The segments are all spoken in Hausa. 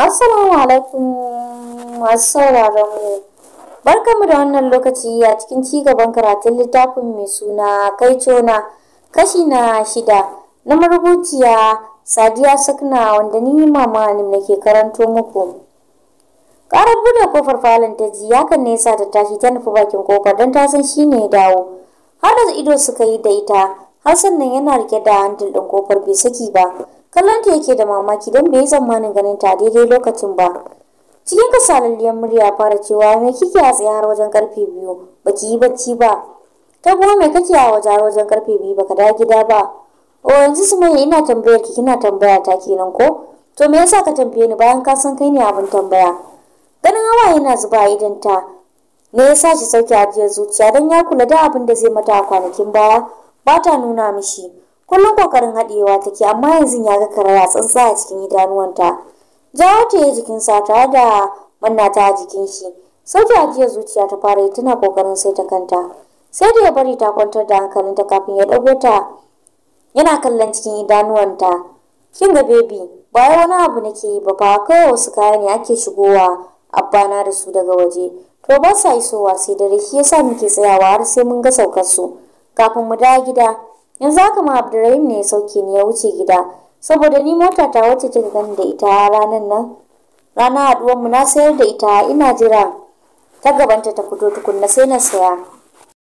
Assalamu alaikum masu sauraron mu. Barkamu da wannan lokaci a cikin ci gaban karatun littafin mai suna kai cona kashi na shida na marubuciya Sadiya Sakna wanda ni mama ne nake karanto muku. ƙarar buɗe kofar falon ta ji hakan ne yasa ta tashi ta nufi bakin kofar don ta san shine ya dawo. Har da ido suka yi da ita har sannan yana rike da handil ɗin kofar bai saki ba. kallonta yake da mamaki don bai tsammanin ganin ta daidai lokacin ba cikin lalliyar murya fara cewa me kike a tsaye har wajen karfe biyu baki yi bacci ba ta kuma me kake a waje har wajen karfe biyu ka da gida ba o oh, yanzu su mai ina tambayar ki kina tambaya ta kenan ko to me yasa ka tambaye ni bayan ka san kai ne abin tambaya ganin hawa yana zuba idan ta ne ya sa shi sauke ajiyar zuciya don ya kula da abin da zai mata a kwanakin baya ba ta nuna mishi kullum kokarin haɗewa take amma yanzu ya ga karara tsantsa a cikin idanuwanta jawo ta yi jikinsa tare da manna ta a jikin shi sauki jiya zuciya ta fara yi tana kokarin sai ta kanta sai da ya bari ta kwantar da hankalinta kafin ya ɗago ta yana kallon cikin idanuwanta kin ga bebi ba wani abu nake yi ba ba kawai wasu kaya ne ake shigowa abana da su daga waje to ba sa isowa sai dare shi yasa muke tsayawa har sai mun ga saukar su kafin mu dawo gida yanzu haka ma abdurrahim ne ya sauke ni ya wuce gida saboda ni mota ta wacce kika gani da ita ranan nan rana haduwar mu na sayar da ita ina jira ta gabanta ta fito tukunna sai na saya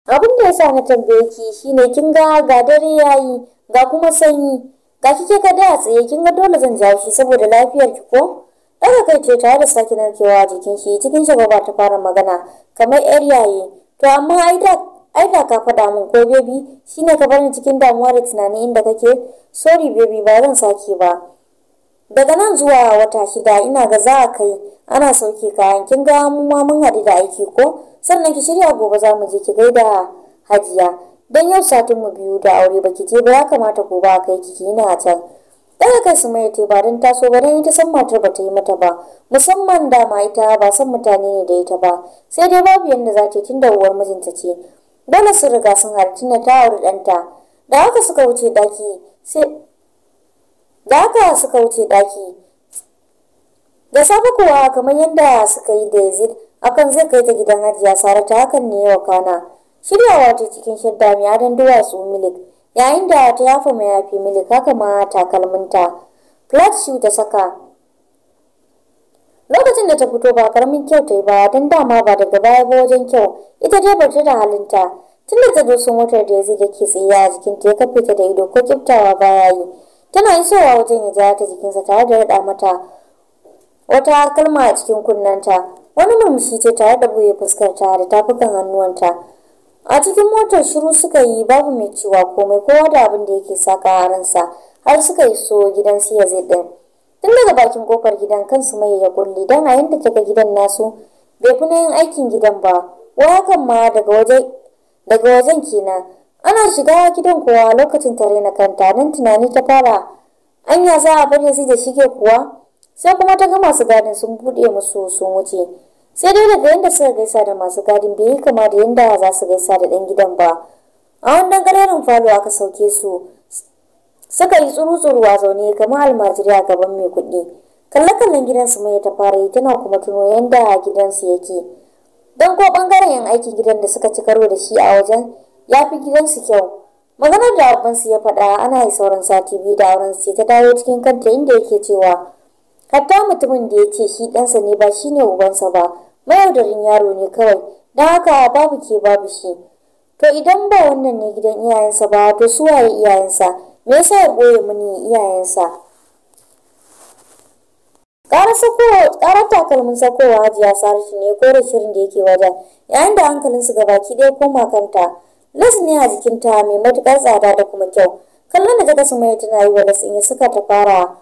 abin da ya sa na tambaye ki shine kin ga ga dare yayi ga kuma sanyi ga kike ka da tsaye kin ga dole zan ja shi saboda lafiyar ki ko daga kai ce tare da sake narkewa jikin shi cikin ba ta fara magana kamar yar yayi to amma ai da ai ba ka faɗa min ko baby shine ka bar ni cikin damuwa da tunani inda kake sorry baby ba zan sake ba daga nan zuwa wata shida ina ga za a kai ana sauke kayan kin ga mu ma mun haɗu da aiki ko sannan ki shirya gobe za mu je ki gaida hajiya dan yau satin mu biyu da aure baki je ba ya kamata ko ba kai kiki ina a can daga kai su mai ba don taso ba don ita san matar ba ta yi mata ba musamman dama ita ba san mutane ne da ita ba sai dai babu yadda za ta yi tun da uwar mijinta ce dole sun riga sun harci na tawar ɗanta da haka suka wuce daki da haka suka wuce daki da safe kuwa kamar yadda suka yi da yazid akan zai kai ta gidan hajiya sara ta hakan ne yawa kana shiryawa ta cikin shadda mai adon duwatsu milik yayin da ta yafa mayafi milik haka ma takalminta flat shoe ta saka lokacin da ta fito ba karamin kyau ta yi ba don dama ba daga baya ba wajen kyau ita dai bata da halinta tun da ta sun motar da ya da ke tsaye a jikinta ya kafe ta da ido ko kiftawa baya yi tana isowa wajen ya ja ta jikinsa tare da raɗa mata wata kalma a cikin kunnanta wani murmushi ce tare da buye fuskarta da tafukan hannuwanta a cikin motar shiru suka yi babu mai cewa komai kowa da abin da yake saka a ransa har suka iso gidan siya zai ɗin tun daga bakin kofar gidan kansu mai ya kulle don a yanda ta ga gidan nasu bai kuna yin aikin gidan ba wa hakan ma daga wajen kenan ana shiga gidan kuwa lokacin tare na kanta nan tunani ta fara anya za a bari su da shige kuwa sai kuma ta ga masu gadin sun buɗe musu sun wuce sai dai daga yadda suka gaisa da masu gadin bai yi kama da yadda za su gaisa da ɗan gidan ba a wannan ƙararin falo aka sauke su suka yi tsuru-tsuru a zaune kamar almajiri a gaban mai kuɗi kalle-kallen gidansu mai ta fara yi tana kuma tuno yanda gidansu yake don ko ɓangaren yan aikin gidan da suka ci karo da shi a wajen ya fi gidansu kyau maganar da su ya faɗa ana yi sauran sati biyu da auren sai ta dawo cikin kanta inda yake cewa hatta mutumin da ya ce shi ɗansa ne ba shine ubansa ba mayaudarin yaro ne kawai don haka babu ke babu shi to idan ba wannan ne gidan iyayensa ba to su waye iyayensa me yasa ya goye mini iyayensa ƙarar takalmin sakowa hajiya rashin ne ko da shirin da yake wajen yayin da hankalinsu gabaki ɗaya koma kanta las ne a jikinta mai matuƙar tsada da kuma kyau kallon da ta su mai tana yi wa las in suka ta fara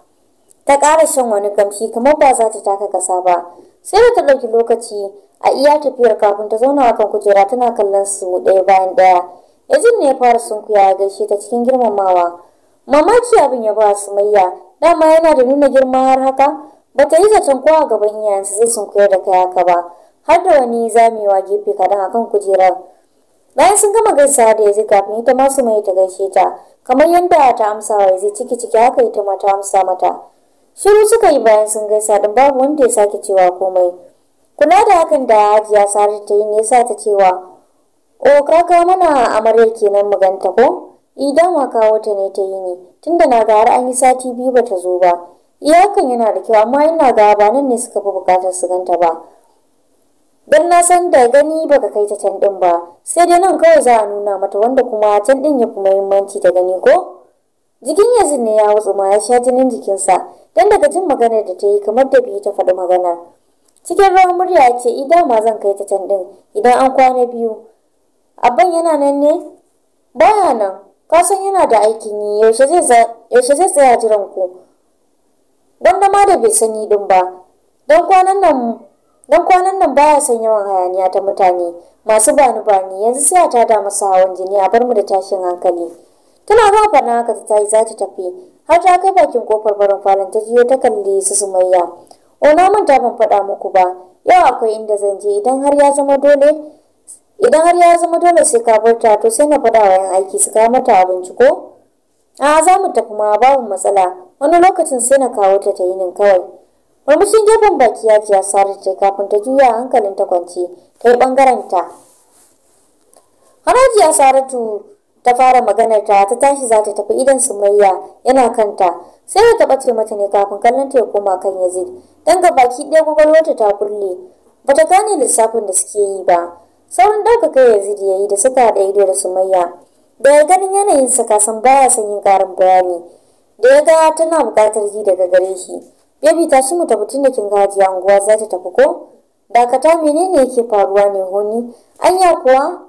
ta ƙara shan wani kamshi kamar ba za ta taka kasa ba sai da ta ɗauki lokaci a iya tafiyar kafin ta zauna akan kujera tana kallon su ɗaya bayan ɗaya yajin ne ya fara sunkuya ya gaishe ta cikin girmamawa mamaki abin ya ba su mayya dama yana da nuna girma har haka ta yi zaton kowa a gaban yansu zai sun koyar da kai haka ba har da wani zamewa gefe kaɗan akan kujerar bayan sun gama gaisa da yanzu kafin ita masu mai ta gaishe ta kamar yadda ta amsa wa yanzu ciki ciki haka ita ma ta amsa mata shiru suka yi bayan sun gaisa din babu wanda ya sake cewa komai kula da hakan da hajiya sare ta yi nesa ta cewa o oh, kaka mana amarya kenan ganta ko Idan waka wata ne ta yi ne, tunda na ga har an yi sati biyu ba ta zo ba. Iyakan yana da kyau amma ina ga ba nan ne suka fi bukatar su ganta ba. Dan na san da gani baka kai ta can din ba, sai dai nan kawai za a nuna mata wanda kuma can din ya fi muhimmanci da gani ko? Jikin yanzu ne ya wutsu ma ya sha jinin jikinsa, dan daga jin maganar da ta yi kamar da biyu ta faɗi magana. Cikin rawar murya ce idan ma zan kai ta can din idan an kwana biyu. Abban yana nan ne? Baya nan, ka san yana da aikin yi yaushe zai tsaya jiran ku don dama da bai sani din ba don kwanan nan baya son yawan hayaniya ta mutane masu bani bani yanzu sai a tada masu hawan jini a bar mu da tashin hankali tana ba fana haka ta tayi za ta tafi har ta kai bakin kofar barin falon ta jiyo ta kalli su sumayya ona manta ban faɗa muku ba yau akwai inda zan je idan har ya zama dole idan har ya zama dole sai ka barta to sai na faɗa wa yan aiki su kawo mata abinci ko a za mu tafi ma babu matsala wani lokacin sai na kawo ta ta yinin kawai murmushin gefen baki ya ji ya sare ta kafin ta juya hankalin ta kwance ta yi bangaren ta haraji ya saratu ta fara maganar ta ta tashi za ta tafi idan sumayya yana kanta sai ta taɓa mata ne kafin kallon ta ya koma kan yazid dan ga baki ɗaya kwakwalwarta ta kulle bata gane lissafin da suke yi ba sauran ɗaukaka yazid ya yi da suka haɗa ido da sumayya da ya ganin yanayin sa kasan baya son yin ƙarin bayani da ya ga tana buƙatar ji daga gare shi bebi ta shi mu tafi tun da kin gajiya unguwa za ta tafi ko dakata menene yake faruwa ne honi anya kuwa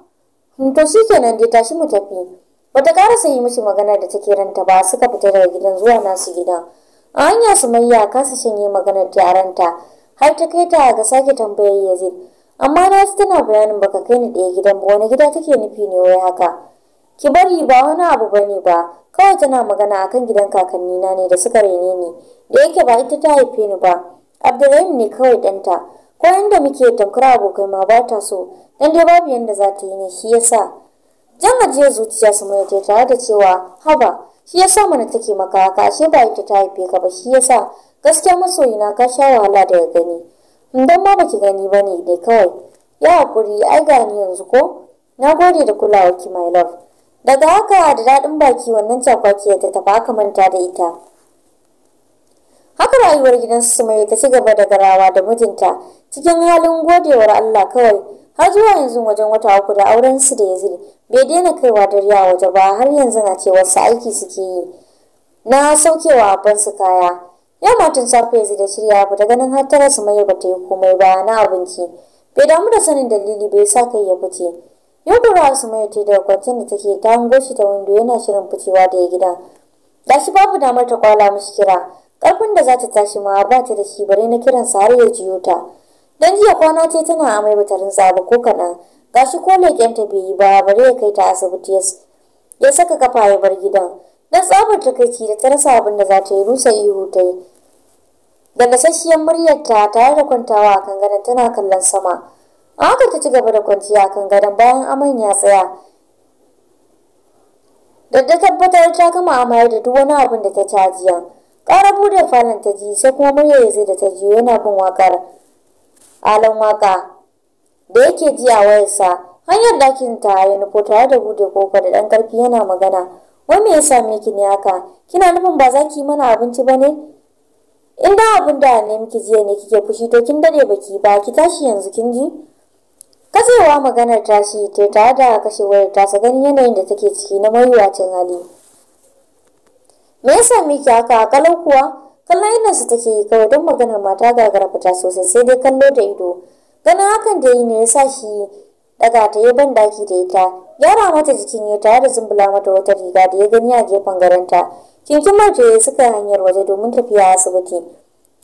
hmm, to shi kenan dai tashi mu tafi bata ƙara yi mishi magana da take ranta ba suka fita daga gidan zuwa nasu gidan a hanya sumayya kasa shanye magana ta ranta har ta kai ta ga sake tambayar yazid amma na su tana bayanin baka kai ni ɗaya gidan ba wani gida take nufi ne wai haka ki bari ba wani abu bane ba kawai tana magana akan gidan kakannina ne da suka rene ni da yake ba ita ta haife ni ba abdulrahim ne kawai ɗanta ko inda muke tamkar abokai ma ba ta so dan dai babu yanda za ta yi ne shi ya sa jan ajiyar zuciya su mai ta tare da cewa haba shi ya yasa mana take maka haka ashe ba ita ta haife ka ba shi ya sa gaskiya masoyina ka sha wahala da ya gani Idan ma baki gani ba ne dai kawai. Ya haƙuri ai gani yanzu ko? Na gode da ki my love. Daga haka da daɗin baki wannan cakwakiyar ta tafi aka manta da ita. Haka rayuwar gidan su mai ta ci gaba da garawa da mijinta cikin halin godewar Allah kawai har zuwa yanzu wajen wata uku da auren su da Yazid bai daina kaiwa dariya waje ba har yanzu na ce wasu aiki suke yi na saukewa abansu kaya yamma tun safe zai da shirya ba da ganin har tara su mai ta yi komai ba na abinci bai damu da sanin dalili bai sa kai ya fice yau kura su mai ta da kwancin da take ta hango shi ta wando yana shirin ficewa da ya gida da shi babu damar ta kwala mishi kira karfin da za ta tashi ma ba ta da shi bare na kiran sa har ya jiyo ta dan jiya kwana ce tana amai ta rinsa ba ko kaɗan gashi ko leƙen ta bai yi ba bare ya kai ta asibiti ya saka kafa ya bar gidan dan tsabar takaici da ta rasa abin da za ta yi rusa ihu ta yi da ta muryarta tare da kwantawa a kan gadon tana kallon sama a haka ta ci gaba da kwanciya a kan gadon bayan aman ya tsaya da ta tabbatar ta gama amayar da duk wani abin da ta cajiya ƙara buɗe falon ta ji sai kuma murya ya zai da ta ji yana bin waƙar. alon waƙa da yake ji a wayarsa hanyar ɗakin ta ya nufo tare da buɗe kofar da ɗan ƙarfi yana magana wai me ya same ki ne haka kina nufin ba za ki yi mana abinci ba ne in da abin da ne miki jiya ne kike fushi to kin dade baki ba ki tashi yanzu kin ji katsewa maganar tashi ta tare da ta sa ganin yanayin da take ciki na mayuwacin hali me ya same ki haka kalan kuwa kallon su take yi kawai don maganar mata gagara fita sosai sai dai kallo da ido ganin hakan da yi ne ya sa shi daga ta yi ban daki da ita gyara mata jikin ya tare da zumbula mata wata riga da ya gani a gefen garanta kinkin marje suka hanyar waje domin tafiya a asibiti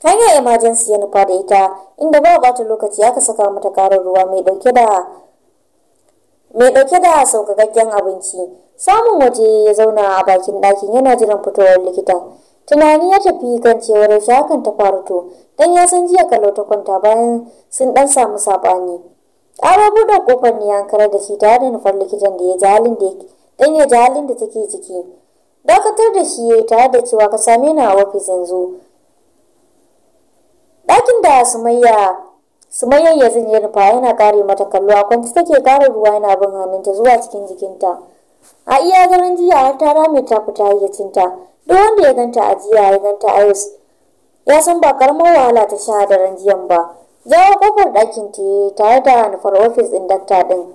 hanyar emergency ya nufa da ita inda ba bata lokaci aka saka mata karar ruwa mai dauke da mai dauke da saukakakken abinci samun waje ya zauna a bakin ɗakin yana jiran fitowar likita tunani ya tafi kan cewar shakan ta faru faruto dan ya san jiya kallo ta kwanta bayan sun dan samu saɓani. ƙara buɗe ƙofar ne yankar da shi tare da nufar likitan da ya ji halin da ɗan ya ji da take ciki dakatar da shi ya yi tare da cewa ka same ni a ofis yanzu ɗakin da sumayya sumayya ya ya nufa yana kare mata kallo a kwanci take kare ruwa yana bin hannunta zuwa cikin jikinta a iya garin jiya har ta rame ta fita hayyacinta duk wanda ya ganta a jiya ya ganta a yau ya san ba karamar wahala ta sha da ran jiyan ba Zawo kofar ɗakin ta tare da nufar ofis ɗin dakta ɗin.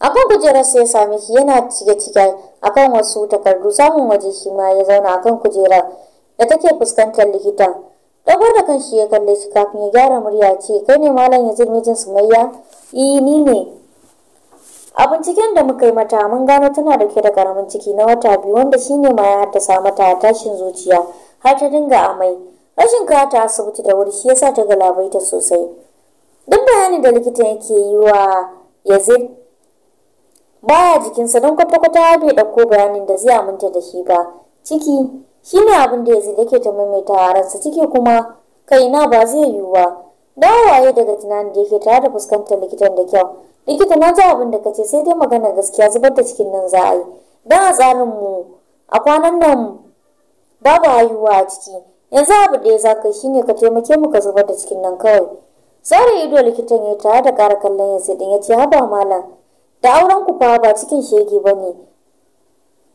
akan kujerar sai ya same shi yana cike-cike akan wasu takardu samun waje shi ma ya zauna akan kujerar da take fuskantar likitan dabar da kan shi ya kalle shi kafin ya gyara murya ce kai ne malam ya zirmi jin sumayya eh ni ne a binciken da muka yi mata mun gano tana da ke da karamin ciki na wata biyu wanda shine ma ya haddasa mata tashin zuciya har ta dinga amai rashin kaya ta asibiti da wuri shi yasa ta galabaita sosai duk bayanin da likitan yake yi wa yazid baya jikinsa don kwata-kwata bai ɗauko bayanin da zai aminta da shi ba ciki shine abin da yazid yake ta a ransa ciki kuma kaina ba zai yiwu ba dawowaye daga tunanin da yake tare da fuskantar likitan da kyau likita na ji abin da ce sai dai magana gaskiya zubar da cikin nan za a yi don a tsarinmu a kwanan nan babu haihuwa a ciki yanzu abu da ya za ka shine ka taimake mu ka zubar da cikin nan kawai zara ido likitan ya tare da ƙara kallon yanzu din ya ce haba malam da auren ku fa ba cikin shege ba ne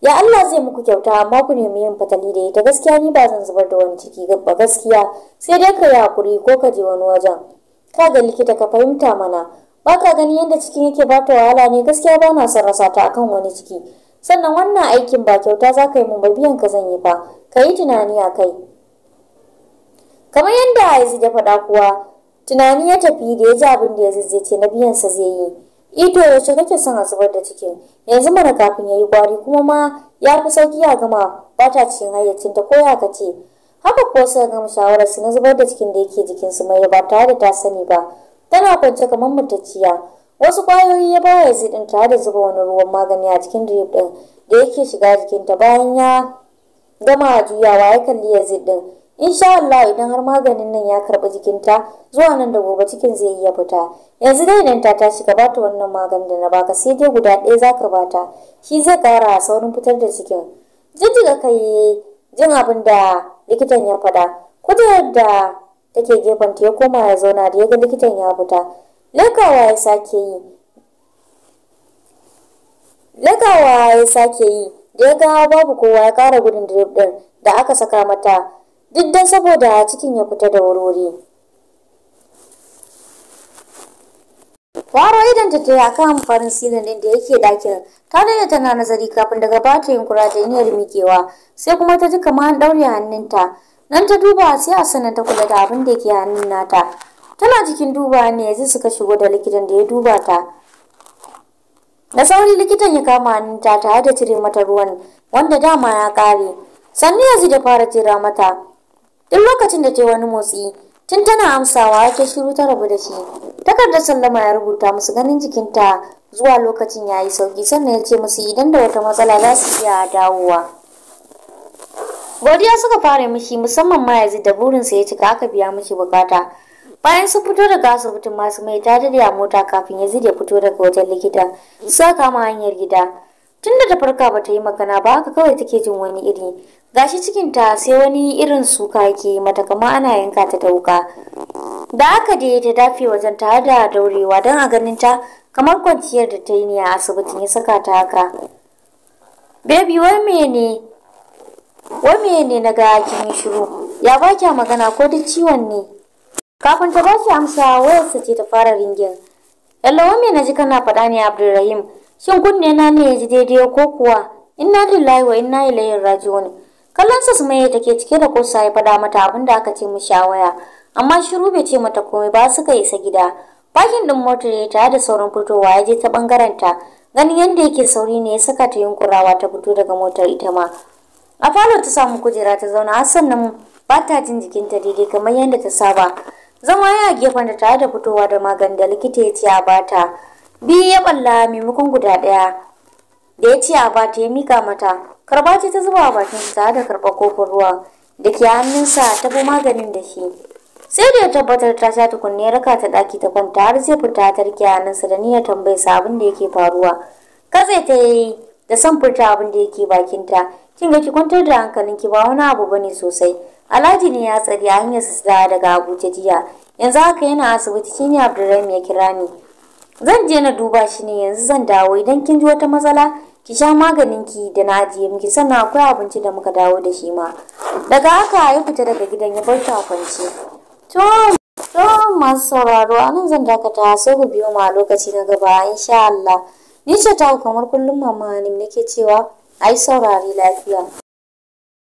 ya Allah zai muku kyauta amma ku nemi yin fatali da ita gaskiya ni ba zan zubar da wani ciki ba gaskiya sai dai ka yi hakuri ko ka je wani wajen ka ga likita ka fahimta mana ba ka gani yadda cikin yake ba ta wahala ne gaskiya ba na son rasa ta akan wani ciki sannan wannan aikin ba kyauta za ka yi mu ba biyan ka zan yi ba ka yi tunani a kai kamar yadda Yazid ya faɗa kuwa tunani ya tafi da ya ji abin da ya zazzaice na biyan sa zai yi ito eh ce kake son a zubar da cikin yanzu mana kafin ya yi gwari kuma ma ya fi sauki ya gama ba ta cikin hayyacinta ko ya kace haka ko suka gama shawarar su na zubar da cikin da yake jikin su mai ba tare da ta sani ba tana kwance kamar mutacciya wasu kwayoyi ya ba Yazid din tare da zuba wani ruwan magani a cikin drip din da yake shiga jikinta bayan ya gama juyawa ya kalli ya din insha Allah idan har maganin nan ya karɓi jikinta zuwa nan da gobe cikin zai iya fita yanzu dai idan ta tashi ka bata wannan maganin da na baka sai dai guda ɗaya za ka bata shi zai kara saurin fitar da cikin jijjiga kai jin abin da likitan ya faɗa kujerar da take gefen ta ya koma ya zauna da ya ga likitan ya fita lakawa ya sake yi lakawa ya sake yi da ya ga babu kowa ya kara gudun drip ɗin da aka saka mata duk dan saboda cikin ya fita da wurwuri Waro idan ta taya kan farin silin din da yake dakin, ta daina tana nazari kafin daga bata yunkura ta niyyar mikewa, sai kuma ta ji kamar an ɗaure hannunta. Nan ta duba sai a sanar ta kula da abin da ke hannun nata. Tana cikin duba ne zai suka shigo da likitan da ya duba ta. na sauri likitan ya kama hannun ta tare da cire mata ruwan wanda dama ya kare. Sannu yanzu da fara tira mata. duk lokacin da ta wani motsi tun tana amsawa ake shiru ta rabu da shi takardar sallama ya rubuta musu ganin jikinta zuwa lokacin ya yi sauki sannan ya ce musu idan da wata matsala za su iya dawowa godiya suka fara mishi musamman ma yanzu da burinsa ya cika aka biya mishi bukata bayan sun fito daga asibitin masu mai ta dade a mota kafin ya zide fito daga wajen likita suka kama hanyar gida tun da tafarka farka ba ta yi magana ba haka kawai take jin wani iri gashi cikinta sai wani irin suka ke mata kama ana yanka ta da wuka da aka dai ta dafe wajen ta da daurewa don a ganin ta kamar kwanciyar da ta yi ne a asibitin ya saka ta haka bebi wai ne wai na ga kin shiru ya ba ki magana ko duk ciwon ne kafin ta ba shi amsa wayarsa ce ta fara ringin yallo wai me na ji kana faɗa ne abdulrahim shin kunne na ne yaji daidai ko kuwa inna lillahi wa inna ilaihi raji'un kallon sa sumaye take cike da kosa ya fada mata abin da aka ce mu shawaya amma shiru bai ce mata komai ba suka isa gida bakin din motar ya tare da sauran fitowa ya je ta bangaren ta ganin yadda yake sauri ne ya saka ta yunkurawa ta fito daga motar ita ma a falo ta samu kujera ta zauna har sannan ba ta jin jikinta daidai kamar yadda ta saba zama ya gefen da tare da fitowa da magani da likita ya ce a bata biyu ya balla maimakon guda ɗaya da ya ce a bata ya mika mata karba ce ta zuba a bakin tare da karba kofin ruwa da ke hannunsa ta bi maganin da shi sai da ya tabbatar ta sha tukunne ya raka ta ɗaki ta kwanta har zai furta ta rike hannunsa da niyyar tambayi sa abin da yake faruwa katse ta yi da san furta abin da yake bakinta kin ga ki kwantar da hankalinki ba wani abu bane sosai alhaji ne ya tsari a hanyar su daga abuja jiya yanzu haka yana asibiti shine abdulrahim ya kira ni zan je na duba shi ne yanzu zan dawo idan kin ji wata matsala ki sha maganin ki da na ajiye miki sannan akwai abinci da muka dawo da shi ma daga haka ya fita daga gidan ya bar ta kwance to masu sauraro a nan zan dakata sai ku biyo ma lokaci na gaba insha Allah ni ce ta kamar kullum mamani ne nake cewa ai saurari lafiya